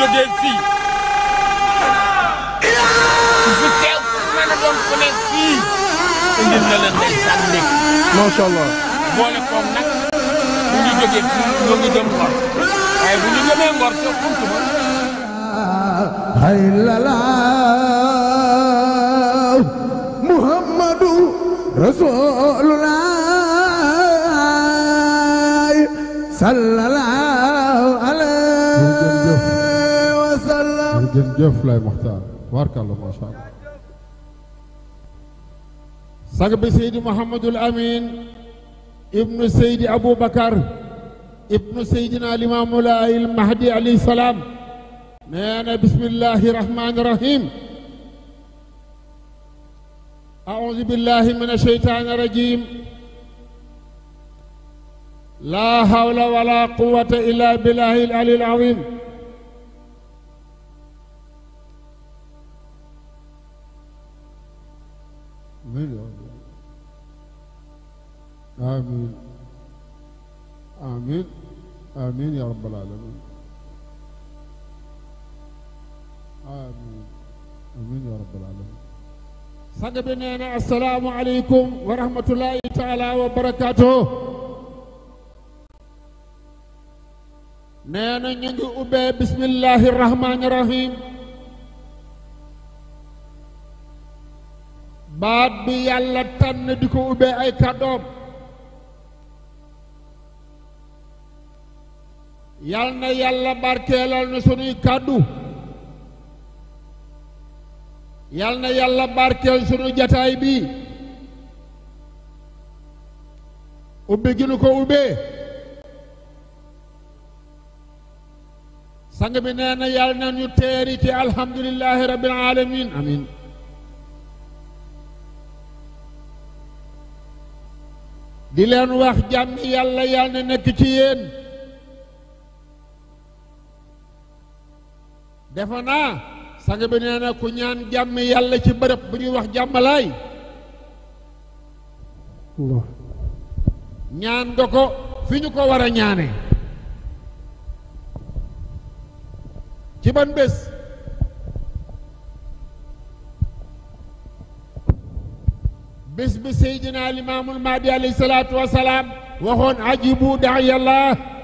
jógee fii ku fi teew mën a doon ku nekk fii indil na la ndeysaan léegi. macha allah. boole koom nag bu ñu jógee fii ñoo ngi jëm ngor waaye bu ñu jëmee ngor ca bunt ba. haylallah muhammadu rasulullah sallallahu alayhi jën jëf lay maxtaar warkàlla macha allah sang bi seydi mouhamadul amin ibnu seydi aboubacar ibnu seydina limaamulaayil mahdi alayhi salaam nee na bismillahi rahmaani rahim أعوذ بالله من الشيطان الرجيم لا حول ولا قوة إلا بالله العلي العظيم Amin. Amin. Amin. Amin ya rabbal alamin. Amin. Amin ya rabbal alamin. sang bi nee na asalaamu aleykum wa rahmatullahi taala wa barakaatu. nee na ñu ngi ubbee bismillahi rahmaani rahim. baat bi yàlla tànn di ko ubbee ay kàddoom yal yàlla barkeelal na sunuy kàddu yal na yàlla barkeel sunu jataay bi ubbi gi ko ubbee sang bi nee na yal na ñu teeri ci alhamdulillahi rabbil alamin di leen wax jàmmi yàlla yàlla na nekk ci yéen defe naa bi nee na ku ñaan jàmm yàlla ci bërëb bu ñuy wax jàmmalaay ñaan nga ko fi ñu ko war a ñaane ci ban bés bés bi Seydina Limaamul Mahdi alayhi salaatu wa salaam waxoon ajibu da'iyallah